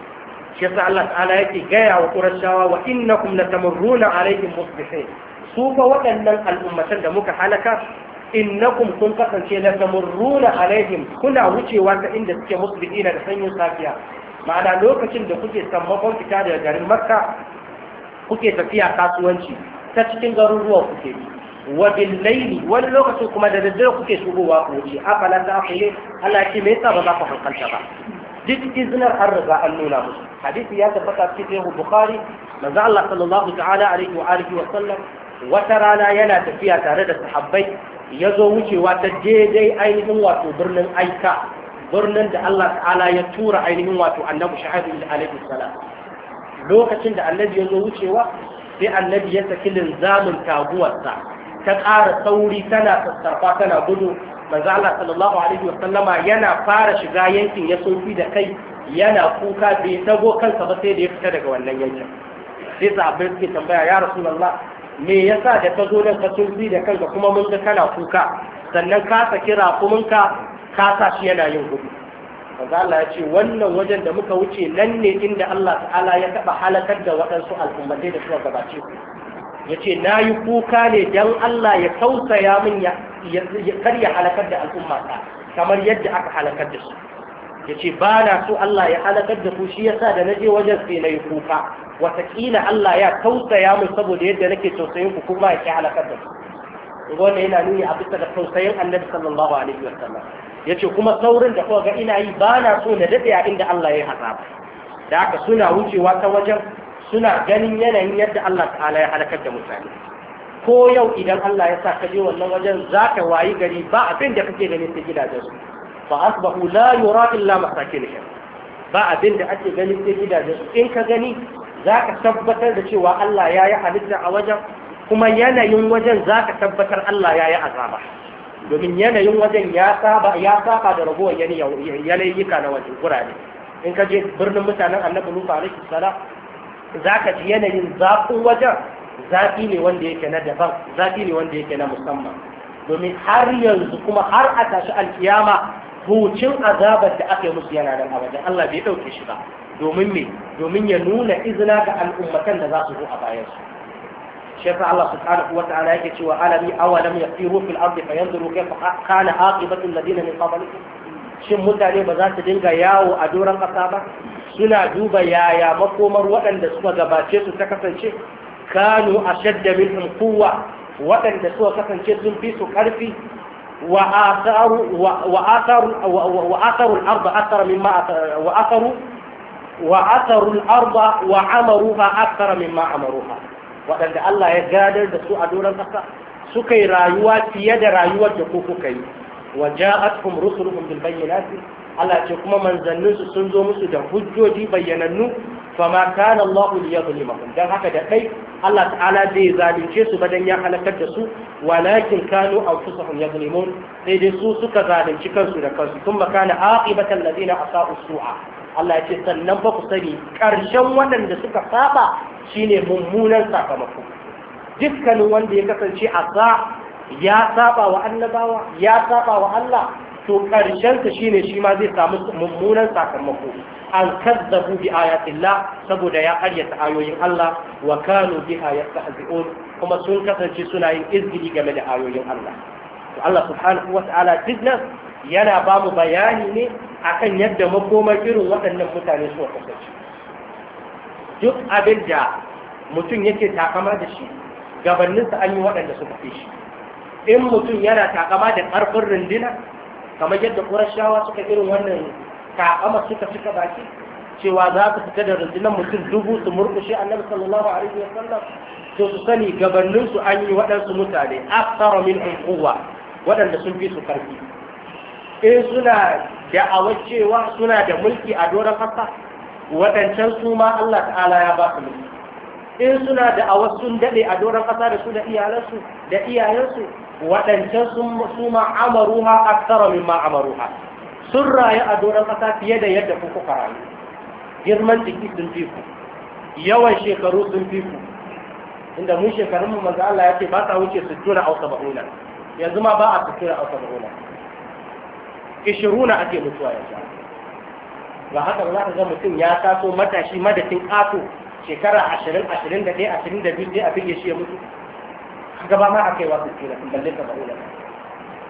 shi yasa Allah ta'ala yake gaya wa Qurayshawa wa innakum latamurruna alaihim musbihin su fa waɗannan al'ummatan da muka halaka innakum kun kasance la tamurruna alaihim kuna wucewa ta inda suke musbi'ina da sanyin safiya ma'ana lokacin da kuke sammakon fita daga garin makka kuke tafiya kasuwanci ta cikin garuruwan kuke bi wa bil laili wani lokacin kuma da daddare kuke shigowa ku wuce afala ta ne Allah ce me yasa ba za ku hankalta ba duk izinar an riga an nuna musu hadisi ya tabbata cikin Bukhari manzo Allah sallallahu ta'ala alaihi wa alihi wa sallam wata rana yana tafiya tare da sahabbai ya zo wucewa ta daidai ainihin wato birnin aika birnin da Allah ta'ala ya tura ainihin wato annabi shahabi alaihi salam lokacin da annabi ya zo wucewa sai annabi ya saki linzamin taguwarsa ta ƙara sauri tana sassarfa tana gudu manzo Allah sallallahu alaihi wa sallama yana fara shiga yankin ya sofi da kai yana kuka bai tago kansa ba sai da ya fita daga wannan yankin sai sahabbai suke tambaya ya rasulullah me yasa da ka zo nan ka tunzi da kanka kuma mun ga kana kuka sannan kasa kira kuminka ka sa shi yana yin gudu manzo Allah ya ce wannan wajen da muka wuce nan ne inda Allah ta'ala ya taba halakar da waɗansu al'ummatai da suka gabace ku yace yi kuka ne dan Allah ya tausaya min ya karya halakar da al'umma kamar yadda aka halakar da su ya ce ba na so Allah ya halakar da ku shi yasa da naje wajen sai na yi kuka wataƙila Allah ya tausaya mu saboda yadda nake tausayin ku kuma ya halakar da ku wanda yana nuni a bisa da tausayin Annabi sallallahu alaihi wa sallam. Ya ce kuma saurin da kuka ga ina yi ba na so na daɗe a inda Allah ya hasa da haka suna wucewa ta wajen suna ganin yanayin yadda Allah ta'ala ya halakar da mutane ko yau idan Allah ya sa ka je wannan wajen za ka wayi gari ba abin da kake ganin ta gidajen su fa asbahu la yura illa masakinuhum ba abin da ake gani sai gidajen su in ka gani za ka tabbatar da cewa Allah ya yi halitta a wajen kuma yanayin wajen za ka tabbatar Allah ya yi azaba domin yanayin wajen ya saba ya saba da ragowar yanayyuka na wajen gurare in ka je birnin mutanen annabi nufa alaihi za ka ji yanayin zafin wajen zafi ne wanda yake na daban zafi ne wanda yake na musamman domin har yanzu kuma har a tashi alkiyama hucin azabar da aka yi musu yana nan abadan Allah bai ɗauke shi ba domin me domin ya nuna izina ga al'ummatan da za su zo a bayansu shafa Allah subhanahu wa ta'ala yake cewa alami awalam yasiru fil ardi fayanzuru kayfa kana aqibatu alladhina min qablihim shin mutane ba za su dinga yawo a doran ƙasa ba suna duba yaya makomar waɗanda suka gabace su ta kasance kanu ashadda minhum quwwa waɗanda suka kasance sun fi su ƙarfi وآثار وآثار وآثروا الأرض أكثر مما وآثروا وآثروا الأرض وعمروها أكثر مما عمروها وأن الله يقادر دولا دون سكي رايوات يد رايوات يقوفوا كي وجاءتهم رسلهم بالبينات Allah ce kuma manzanninsu sun zo musu da hujjoji bayyanannu fama kana Allah ya zulimahum dan haka da kai Allah ta'ala zai zalunce su badan ya halakar da su walakin kanu anfusahum yazlimun sai dai su suka zalunci kansu da kansu kuma kana aqibatan ladina asa'u su'a Allah ya ce sannan fa ku sani karshen waɗanda suka saba shine mummunan sakamako dukkanin wanda ya kasance asa ya saba wa annabawa ya saba wa Allah to ƙarshensa shine shi ma zai samu mummunan sakamako an kazzabu bi ayatillah saboda ya karyata ayoyin Allah wa kanu biha yastahzi'un kuma sun kasance suna yin izgili game da ayoyin Allah to Allah subhanahu wata'ala business yana ba mu bayani ne akan yadda makoma irin waɗannan mutane suka kasance duk abin da mutum yake takama da shi gabaninsa an yi waɗanda suka fi shi in mutum yana takama da ƙarfin rundina kamar yadda ƙurashawa suka irin wannan ka'ama suka suka baki cewa za su fita da rundunar mutum dubu su murkushe annabi sallallahu alaihi wa sallam to su sani gabaninsu an yi waɗansu mutane aksara min quwwa waɗanda sun fi su karfi in suna da'awar cewa suna da mulki a doron ƙasa waɗancan su ma Allah ta'ala ya ba su mulki in suna da'awar sun daɗe a doron ƙasa da su da iyalansu da iyayensu waɗancan su ma amaruha aksara min ma amaruha sun rayu a doron ƙasa fiye da yadda kuku rayu girman jiki sun fi ku yawan shekaru sun fi ku inda mun shekarun mu manzo Allah ya ce ba sa wuce su tuna saba saba'una yanzu ma ba a su tuna saba saba'una ishiruna ake mutuwa ya sha ba haka ba za ka ga mutum ya taso matashi madadin ƙato shekara ashirin ashirin da ɗaya ashirin da biyu sai a bige shi ya mutu gaba ma aka yi wasu tsira sun balle ka ba'ula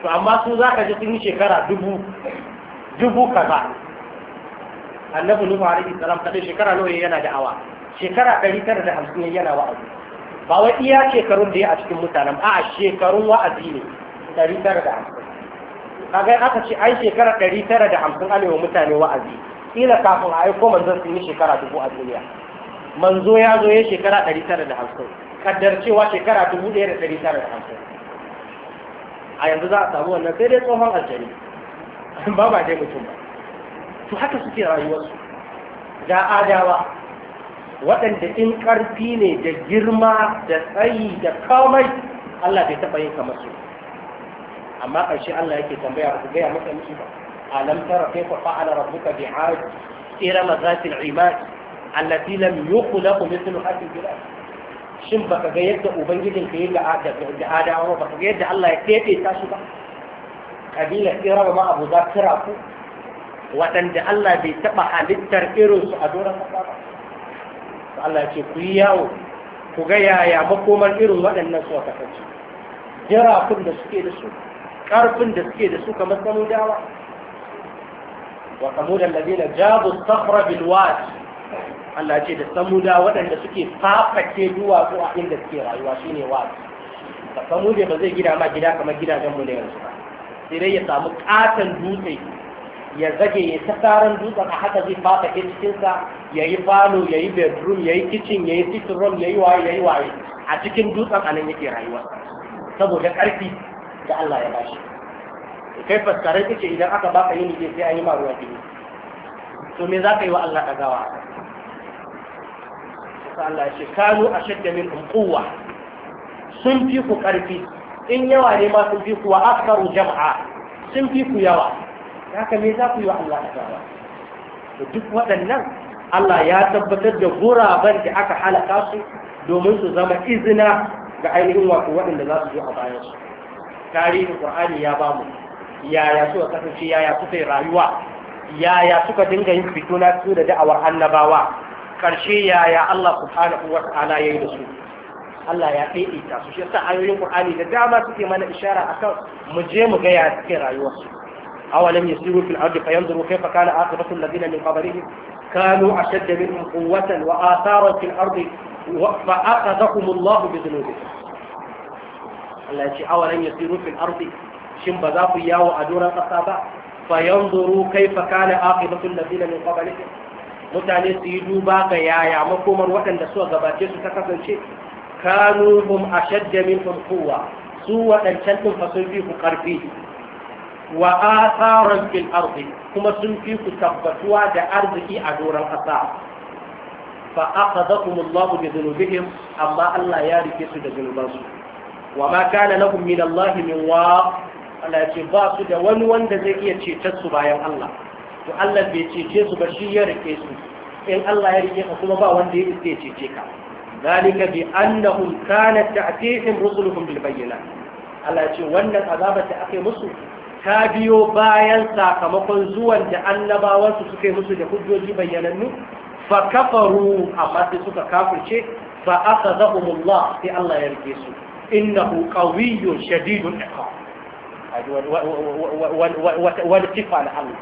to amma su za ka ji sun yi shekara dubu dubu kaza annabi nuhu alaihi salam kadai shekara nawa yana awa shekara ɗari tara da hamsin yana wa'azi ba wai iya shekarun da ya a cikin mutanen a'a shekarun wa'azi ne ɗari tara da hamsin kaga aka ce ai shekara ɗari tara da hamsin ana wa mutane wa'azi kila kafin a aiko manzon sun yi shekara dubu a duniya manzo ya zo ya shekara ɗari tara da hamsin kaddar cewa shekara dubu ɗaya da ɗari tara da a yanzu za a samu wannan sai dai tsohon aljani ba ba dai mutum ba to haka suke rayuwarsu da adawa waɗanda in ƙarfi ne da girma da tsayi da kamai Allah bai taɓa yin kamar su amma ƙarshe Allah yake tambaya ku gaya masa musu ba alam tara kaifa fa'ala rabbuka bi'ad irama zati al-imad allati lam yukhlaq mithluha fil bilad shin baka ga yadda ubangijin ka yi ga adawa ba baka ga yadda Allah ya tefe ta shi ba kabilar iraba ma abu za ta ku waɗanda Allah bai taɓa halittar irinsu a doron ƙasa ba Allah ya ce ku yi yawo ku ga yaya makomar irin waɗannan su wata kanci jirafin da suke da su ƙarfin da suke da su kamar samun dawa wa kamudan lazina jabu safra bilwaj Allah ce da samuda waɗanda suke fafake duwatsu a inda suke rayuwa shine wa'azi ba da ba zai gida ma gida kamar gidajen mu da yanzu ba sai dai ya samu katon dutse ya zage ya ta tsarin dutsen a haka zai fafake cikinsa ya yi falo ya yi bedroom ya yi kitchen ya yi sitting room ya yi waye ya yi waye a cikin dutsen anan yake rayuwa saboda ƙarfi da Allah ya bashi kai faskarai kake idan aka baka yini sai an yi ma ruwa to me za ka yi wa Allah ɗagawa Allah ya ce kanu ashadda min quwwa sun fi ku karfi in yawa ne ma sun fi ku wa jama'a, sun fi ku yawa haka me za ku yi wa Allah ta'ala to duk waɗannan Allah ya tabbatar da guraben da aka halaka su domin su zama izina ga ainihin wato waɗanda za su zo a bayan su tarihin Qur'ani ya bamu yaya suka kasance yaya suka yi rayuwa yaya suka dinga yin fituna su da da'awar annabawa karshe yaya Allah subhanahu wa ta'ala yayi da su Allah ya daidaita su shi yasa ayoyin Qur'ani da dama suke mana ishara akan mu je mu ga ya suke rayuwar su awalam yasiru fil ardi fayanzuru kayfa kana aqibatu alladhina min qabrihim kanu ashadda minhum quwwatan wa atharan fil ardi fa aqadahum Allah bi dhunubihim Allah ya ce awalam yasiru fil ardi shin ba za ku yawo a doron ƙasa ba fayanzuru kayfa kana aqibatu alladhina min qabrihim mutane su yi duba ga yaya makomar waɗanda suka gabace su ta kasance kanu hum ashadda minhum su waɗancan ɗin fa fi ku karfi wa atharan fil ardi kuma sun fi ku tabbatuwa da arziki a doron ƙasa fa akhadhakum Allahu bi dhunubihim amma Allah ya rike su da zunubansu wa ma kana lahum min Allah min wa Allah ya ce ba su da wani wanda zai iya cetar su bayan Allah to Allah bai cece su ba shi ya rike su in Allah ya rike ka kuma ba wanda ya iske cece ka zalika bi annahum kanat ta'tihim rusuluhum bil bayyinat Allah ya ce wannan azaba da aka musu ta biyo bayan sakamakon zuwan da annabawansu suka yi musu da hujjoji bayyanannu fa kafaru amma sai suka kafirce fa akhadhahumullah sai Allah ya rike su innahu qawiyyun shadidul iqab wani sifa Allah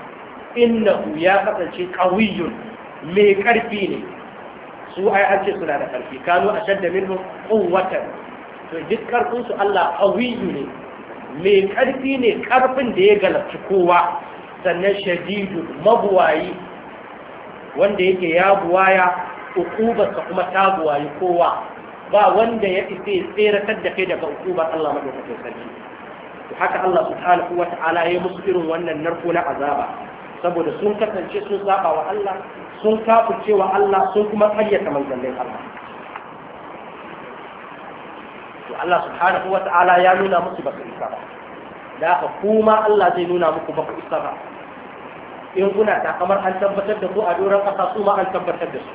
innahu ya kasance qawiyyun me karfi ne su ai an ce suna da karfi kanu ashadda minhum quwwatan to duk karfin su Allah qawiyyu ne mai karfi ne karfin da ya galabci kowa sannan shadidu mabuwayi wanda yake ya buwaya ukubarsa kuma ta buwayi kowa ba wanda ya isa ya tseratar da kai daga ukubar Allah madaukakin sarki haka Allah subhanahu wa ta'ala ya musu irin wannan narko na azaba saboda sun kasance sun saba wa Allah sun kafirce wa Allah sun kuma karyata manzannin Allah to Allah subhanahu wata'ala ya nuna musu baka isa ba da haka kuma Allah zai nuna muku baka isa ba in kuna ta kamar an tabbatar da ku a doron ƙasa su ma an tabbatar da su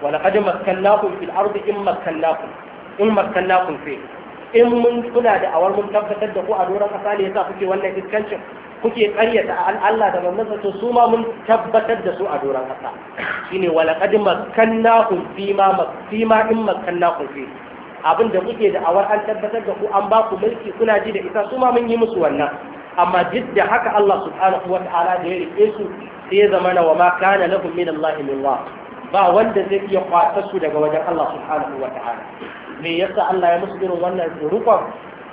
ولقد مكناكم في الأرض إن مكناكم إن مكناكم فيه in mun kuna da awar mun tabbatar da ku a doron ƙasa ne yasa kuke wannan iskancin kuke ƙaryata an Allah da manzansa to su ma mun tabbatar da su a doron ƙasa shine walaqad makkannakum fima ma in makkannakum fi abin kuke da awar an tabbatar da ku an ba ku mulki kuna ji da ita su ma mun yi musu wannan amma duk da haka Allah subhanahu wa ta'ala da ya rike su sai ya zama na wa ma kana lahum min Allah min ba wanda zai iya kwata su daga wajen Allah subhanahu wa ta'ala me yasa Allah ya musu irin wannan rukun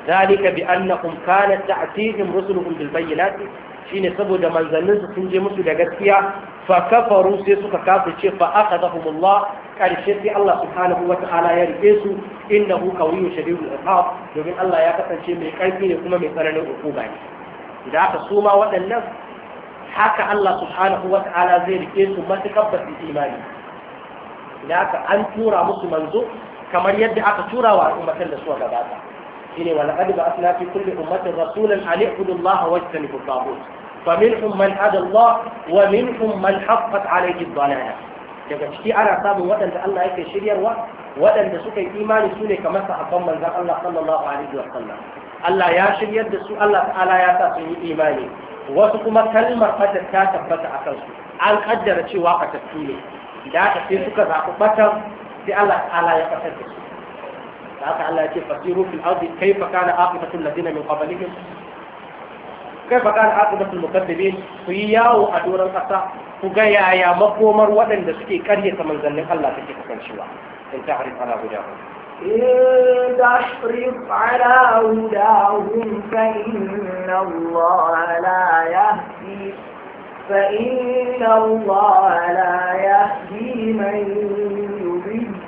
ذلك بأنهم كانت تأتيهم رسلهم بالبينات shine saboda manzanninsu sun je musu da gaskiya fa kafaru sai suka kafirce fa akhadahumullah karshe sai Allah subhanahu wata'ala ya rike su innahu qawiyyun shadidul iqab domin Allah ya kasance mai karfi ne kuma mai tsananin hukuma ne idan aka suma waɗannan haka Allah subhanahu wata'ala zai rike su matukar ba su imani idan aka an tura musu manzo kamar yadda aka tura wa al'ummatan da suka gabata shine wa laqad ba'athna fi kulli ummatin rasulan an i'budu Allah wa ijtanibu at-taghut فمنهم من هدى الله ومنهم من حقت عليه الضلالة daga ciki ana samun waɗanda Allah yake shiryarwa waɗanda suka yi imani su ne kamar sahabban manzon Allah sallallahu alaihi wa sallam Allah ya shiryar da su Allah ta'ala ya sa su yi imani wasu kuma kalmar fata ta tabbata a kansu an kaddara cewa fatattu ne da aka sai suka zaɓi fatan sai Allah ta'ala ya fatar da su تعالى يأتي فسيروا في الأرض كيف كان عاقبة الذين من قبلهم كيف كان عاقبة المكذبين فياو أدور القصة فقيا يا مقومر ودن دسكي كرية من ذنب الله تكيف كان شوا إن تعرف على وجاهه إن تشرف على هداهم فإن الله لا يهدي فإن الله لا يهدي من يريد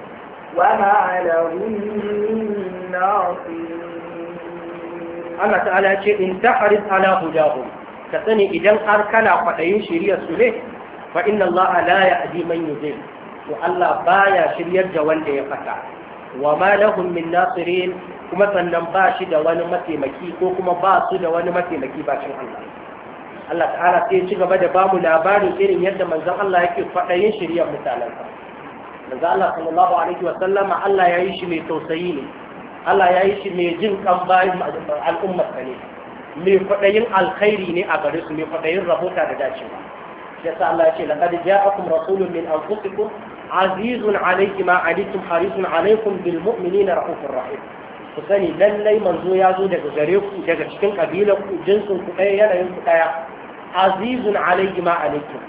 فما لهم من ناصرين Allah ta'ala ce in ta'arif ala hudahum ka sani idan har kana kwaɗayin shiriyar su ne fa inna Allah la ya'di man yudil to Allah baya da wanda ya fata wa ma lahum kuma sannan ba shi da wani mataimaki ko kuma ba su da wani mataimaki bacin Allah Allah ta'ala ya ci gaba da bamu labarin irin yadda manzon Allah yake kwaɗayin shiriyar mutanensa manzo Allah sallallahu alaihi wa sallama Allah ya yi shi mai tausayi ne Allah ya yi shi mai jin kan bayan al'ummar ne mai kwaɗayin alkhairi ne a gare su mai kwaɗayin rahota da dacewa ya sa Allah ya ce laqad ja'akum rasulun min anfusikum azizun alayhi ma anittum harisun alaykum bil mu'minina rahufur rahim ku sani lallai manzo ya zo daga gare ku daga cikin kabilar ku jinsin ku ɗaya yanayin ku ɗaya azizun alayhi ma anittum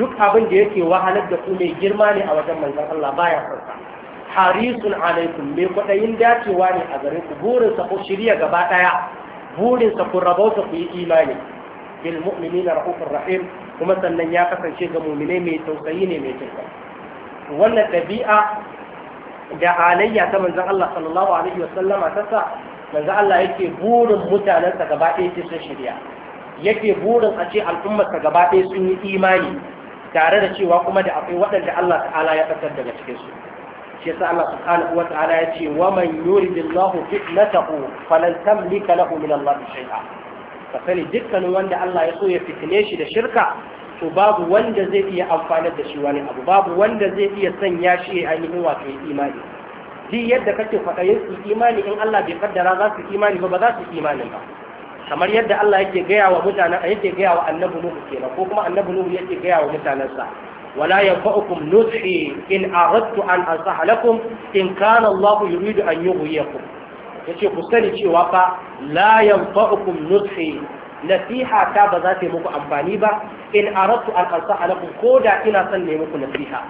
duk abin da yake wahalar da su mai girma ne a wajen manzon Allah baya farka harisun alaikum mai kwaɗayin dacewa ne a gare ku burinsa ku shirya gaba ɗaya burinsa ku rabauta ku yi imani bil mu'minina rahufur rahim kuma sannan ya kasance ga mu'mine mai tausayi ne mai jinka wannan ɗabi'a da halayya ta manzon Allah sallallahu alaihi wasallama ta sa manzon Allah yake burin mutanensa gaba ɗaya sun shirya yake burin a ce al'ummarsa gaba ɗaya sun yi imani tare da cewa kuma da akwai waɗanda Allah ta'ala ya fitar daga cikin su shi yasa Allah subhanahu wa ta'ala ya ce wa man yuridillahu fitnatahu falan tamlika lahu min Allah shay'a ka sani dukkanin wanda Allah ya so ya fitne shi da shirka to babu wanda zai iya amfanar da shi wani abu babu wanda zai iya sanya shi ya ainihin wato imani duk yadda kake faɗa yin imani in Allah bai kaddara za su imani ba ba za su imani ba kamar yadda Allah yake gaya wa mutanen yake gaya wa annabi nuhu kenan ko kuma annabi nuhu yake gaya wa mutanensa ولا ينفعكم نصحي إن أردت أن أنصح لكم إن كان الله يريد أن يغويكم yace ku sani cewa fa la yanfa'ukum nushi nasiha ta ba za ta muku amfani ba in aradtu an ansaha lakum da ina son ne muku nasiha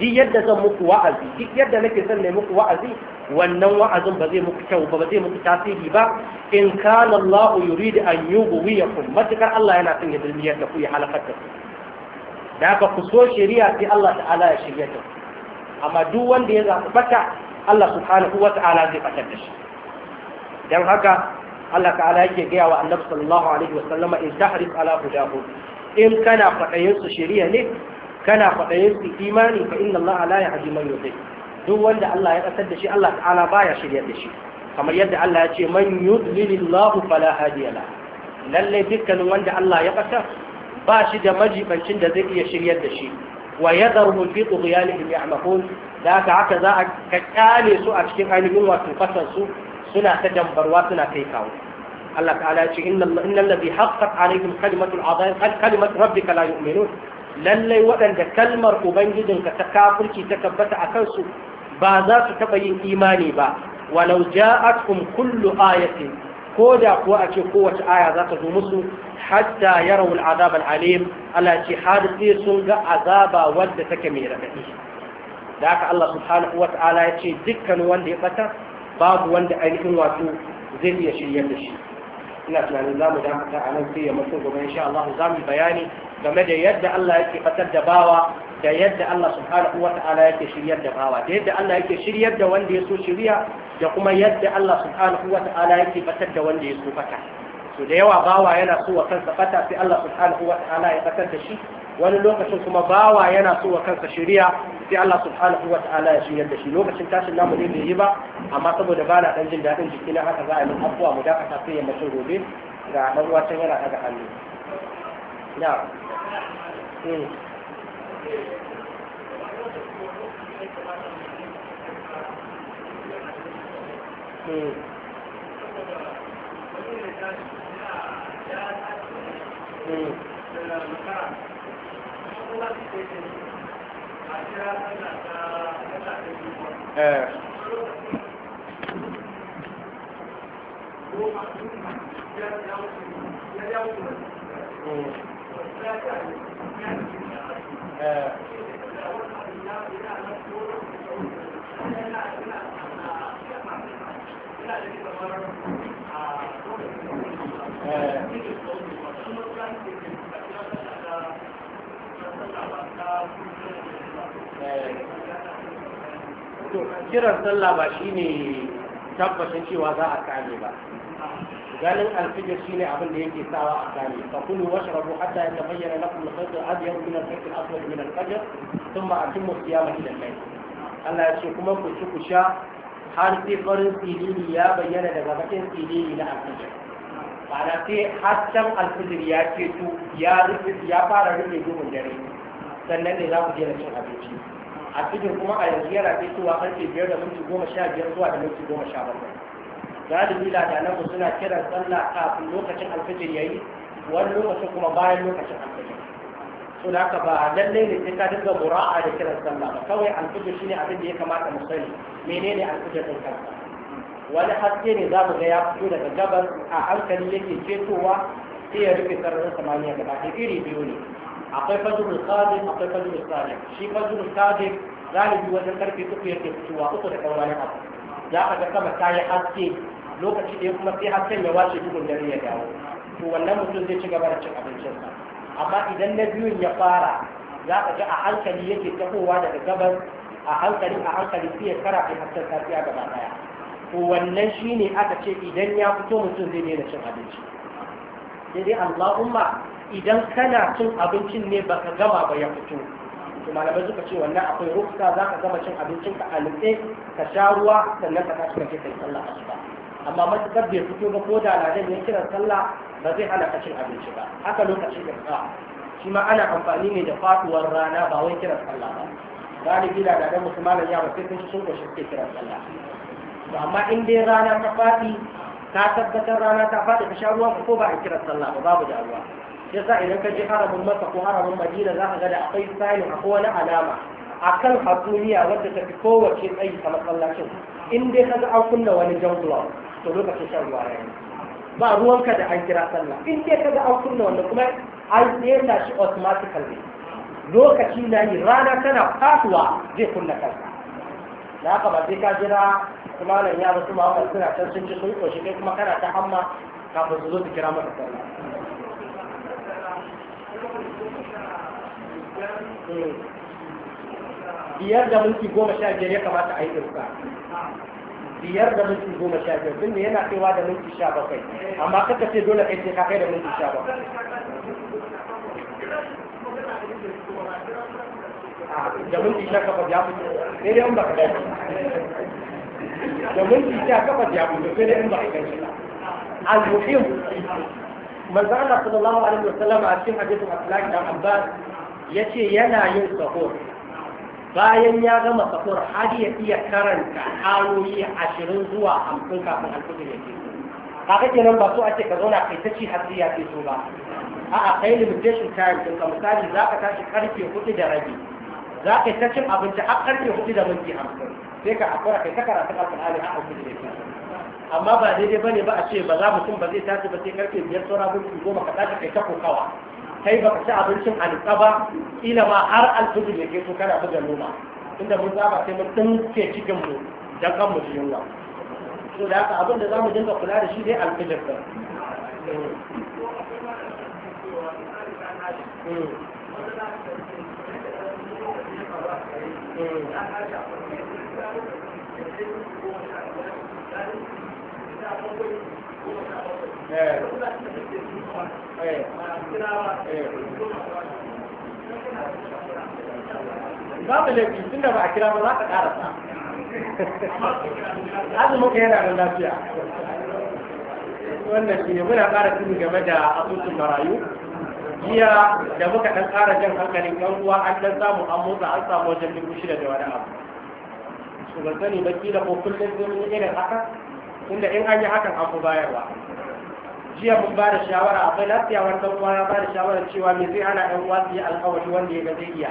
duk yadda zan muku wa'azi duk yadda nake son ne muku wa'azi wannan wa'azin ba zai muku kyau ba ba zai muku tasiri ba in kana Allah yuridu an yughwiyakum matakar Allah yana son ya dalmiyar da ku ya halakar da ku da haka ku so shari'a sai Allah ta'ala ya shirya ta amma duk wanda ya zaɓi fata Allah subhanahu wa zai fatar da shi dan haka Allah ta'ala yake gaya wa annabi sallallahu alaihi wa sallama in tahris ala hudahu in kana fadayin su shari'a ne kana faɗaye su imani fa inna Allah la yahdi man yudhil duk wanda Allah ya kasar da shi Allah ta'ala baya shirya da shi kamar yadda Allah ya ce man yudlilillahu fala hadiya la lalle dukkanin wanda Allah ya kasar ba shi da majibancin da zai iya shiryar da shi wa ya fi tughyanihim ya'mahun da haka haka za a kakkale su a cikin ainihin wato kasar su suna ta dambarwa suna kai kawo Allah ta'ala ya ce innal ladhi haqqat alaihim kalimatu al'adab kalimat rabbika la yu'minun lallai waɗanda kalmar ubangijinka ta kafirci ta tabbata a kansu ba za su taɓa yin imani ba walau ja'atkum kullu ayatin ko da kuwa a ce kowace aya za ta zo musu hatta yarawu al'azab al'alim Allah ce har sai sun ga azaba wadda take mai raɗaɗi da aka Allah subhanahu wa ta'ala ya ce dukkan wanda ya ɓata babu wanda ainihin wato zai iya shiryar da shi ina tunanin za mu dakata a nan sai ya mutu gobe insha Allah za mu bayani game da yadda Allah yake fatar da bawa da yadda Allah subhanahu wa ta'ala yake shiryar da bawa da yadda Allah yake shiryar da wanda ya so shirya da kuma yadda Allah subhanahu wa ta'ala yake fatar da wanda ya so fata so da yawa bawa yana so wa kansa fata sai Allah subhanahu wa ta'ala ya fatar da shi wani lokacin kuma bawa yana so wa kansa shirya sai Allah subhanahu wa ta'ala ya shiryar da shi lokacin tashin namu ne bai yi ba amma saboda bana dan jin dadin jikina haka za a yi afuwa mu dakata sai ya mace gobe ga dan uwa yana daga hannu na Eh. Mm. Eh. Eh. kiran sallah ba ne tabbacin cewa za a kame ba ganin alfijir ne abin da yake sawa a gane fa kulu washrabu hatta yatabayyana lakum al-khayt al-abyad min al-khayt al-aswad min al-fajr thumma atimmu siyama ila al-layl Allah ya ce kuma ku ci ku sha har sai farin silili ya bayyana daga bakin silili na alfijir ma'ana sai hasken alfijir ya ce ya ya fara rufe duhun dare sannan ne za ku je da cin abinci alfijir kuma a yanzu yana fitowa karfe biyar da minti goma sha biyar zuwa da minti goma sha bakwai galibi ladananmu suna kiran sallah kafin lokacin alfijir ya yi wani lokacin kuma bayan lokacin alfijir Su da aka ba lallai ne sai ka dinga mura'a da kiran sallah ba kawai alfijir ne abin da ya kamata mu sani menene alfijir din kansa wani haske ne za mu ga ya fito daga gabas a hankali yake fetowa sai ya rufe sararin samaniya gaba ɗaya iri biyu ne akwai fajrul sadiq akwai fajrul sadiq shi fajrul sadiq galibi wajen karfe uku yake fitowa uku da ɗauranin abu za ka ga sama ta yi haske lokaci ɗaya kuma sai hasken ya wace bugun dare ya dawo to wannan mutum zai ci gaba da cin abincinsa amma idan na biyun ya fara za ka ga a hankali yake tahowa daga gabas a hankali a hankali sai ya kara a hasken safiya gaba daya to wannan shine aka ce idan ya fito mutum zai daina cin abinci sai dai Allahumma idan kana cin abincin ne baka gama ba ya fito to malamai suka ce wannan akwai rukka za ka gama cin abincin ka lutse ka sha ruwa sannan ka tashi ka je kai sallah asuba amma matukar bai fito ba ko da aladen ya kira sallah ba zai hana ka abinci ba haka lokacin da shi ma ana amfani ne da faduwar rana ba wai kiran sallah ba galibi da da musu malam ya sai sun sun koshi kiran sallah to amma in dai rana ta fadi ta tabbatar rana ta fadi ka sha ruwa ko ba a kiran sallah ba babu da ruwa yasa idan ka je haramin masa ko haramin madina za ka ga da akwai sayin akwai wani alama akan hasumiya wadda ta fi kowace tsayi a masallacin in dai ka ga an kunna wani jan glove to lokacin shan ruwa yayi ba ruwanka da an kira sallah in dai kaga an kunna wannan kuma an tsaya shi automatically lokaci na yi rana tana fasuwa zai kunna kansa da haka ba sai ka jira kuma nan ya wasu ma'amar suna can sun ji sun koshi kai kuma kana ta hamma kafin su zo su kira maka sallah eh. biyar da minti goma sha biyar ya kamata a yi irka biyar da minti goma sha biyar din yana kaiwa da minti sha bakwai amma kaka ce dole kai sai ka kai da minti sha bakwai ah, da minti sha kafa ya fito sai dai in baka dace da minti sha kafa ya fito sai dai in baka dace al-muhim manzo Allah sallallahu alaihi wasallam a cikin hadisin Abdullahi dan Abbas yace yana yin sahur bayan ya gama safar har ya iya karanta ayoyi ashirin zuwa hamsin kafin alfajir ya fito kaga kenan ba so ake ka zauna kai ta ci har sai ya fito ba a'a kai limitation time din ka misali za ka tashi karfe 4 da rabi za ka ta cin abinci har karfe 4 da minti 50 sai ka akwara kai ta karatun alfajir har alfajir ya amma ba daidai bane ba a ce ba za mutum ba zai tashi ba sai karfe biyar saura minti goma ka tashi kai ta kokawa kai baka ci abincin alƙa ba ma har alfijir da ke so kana buga noma inda mun saba sai mun dinke cikin mu dan kan mu yunwa to da haka abin da zamu dinga kula da shi dai alfijir din Yeah. Za eh. babu laifi tun da ba a kira ba za ka karasa azumin ka yana da lafiya wannan shi ne muna ƙara tuni game da asusun marayu jiya da muka ɗan ƙara jan hankalin ɗan uwa an ɗan samu an motsa an samu wajen dubu shida da wani abu su ban sani ba kila ko kullum zai yi irin haka tunda in an yi hakan an fi bayarwa jiya mun ba da shawara akwai lafiya wani kuma ya ba da shawara cewa mai zai hana ɗan uwa su yi alkawari wanda ya ga zai iya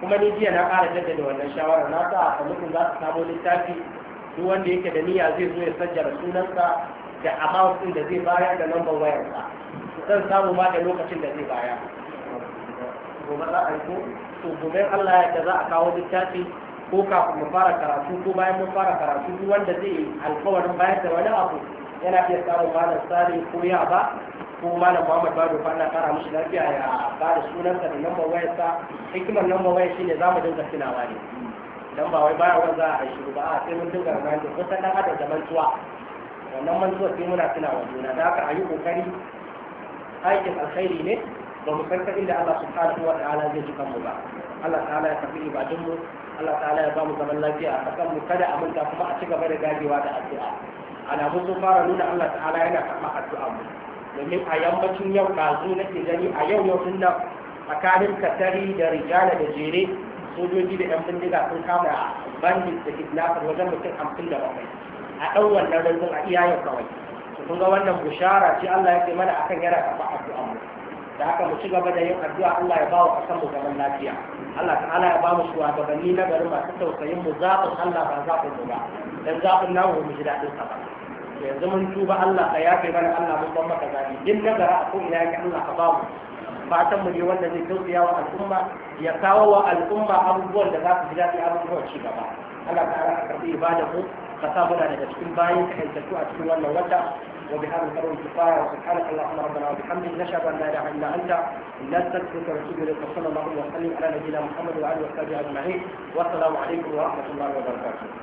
kuma ni jiya na ƙara jaddada wannan shawara na sa a kwamitin za su samu littafi duk wanda yake da niyya zai zo ya sajjara sunansa da amount ɗin da zai baya da lambar wayarsa zan samu ma da lokacin da zai baya. gobe za a yi ko to gobe Allah ya za a kawo littafi ko kafin mu fara karatu ko bayan mu fara karatu duk wanda zai alkawarin bayar da wani abu yana iya samun malam sani ko ya ba ko malam muhammad bado fa Allah kara mishi lafiya ya ba da sunansa da lambar wayarsa hikimar lambar wayar shine za mu dinga tunawa ne dan ba wai baya wanda a shiru ba a sai mun dinga rana ko kusa dan adam da mantuwa wannan mantuwa sai muna tunawa juna da aka ayi yi kokari aikin alkhairi ne ba mu san inda Allah subhanahu wa ta'ala zai jikan mu ba Allah ta'ala ya karbi ibadun mu Allah ta'ala ya ba mu zaman lafiya a kan mu kada a manta kuma a ci gaba da gajewa da addu'a alamun sun fara nuna Allah ta'ala yana karɓar addu'a mu domin a yammacin yau ɗazu nake gani a yau yau tun nan tsakanin katari da rijala da jere sojoji da 'yan bindiga sun kama bandit da kidnapper wajen mutum hamsin da bakwai a ɗan wannan rantsun a iya yau kawai kun ga wannan bushara ce Allah ya ce mana akan yana karɓar addu'a mu da haka mu ci gaba da yin addu'a Allah ya bawa kasan mu zaman lafiya Allah ta'ala ya bamu shuwagabanni na garin masu tausayin mu zaɓin Allah ba zaɓin mu ba dan zaɓin namu mu ji daɗin sa ba yanzu mun tuba Allah ka yafe mana Allah mun ban maka zabi din nazara a ko ina yake Allah ka ba mu fatan mu ne wanda zai tausaya wa al'umma ya kawo wa al'umma abubuwan da za su ji daɗi abubuwan ci gaba Allah ta ka karɓi ibada mu ka sa muna daga cikin bayan ka haitattu a cikin wannan wata wa bi hadal karum kifaya wa subhanaka allahumma rabbana wa bihamdika nashhadu an la ilaha illa anta nastaghfiruka wa natubu ilayka sallallahu alaihi wa sallam ala nabiyyina muhammad wa alihi wa sahbihi ajma'in wa assalamu alaikum wa rahmatullahi wa barakatuh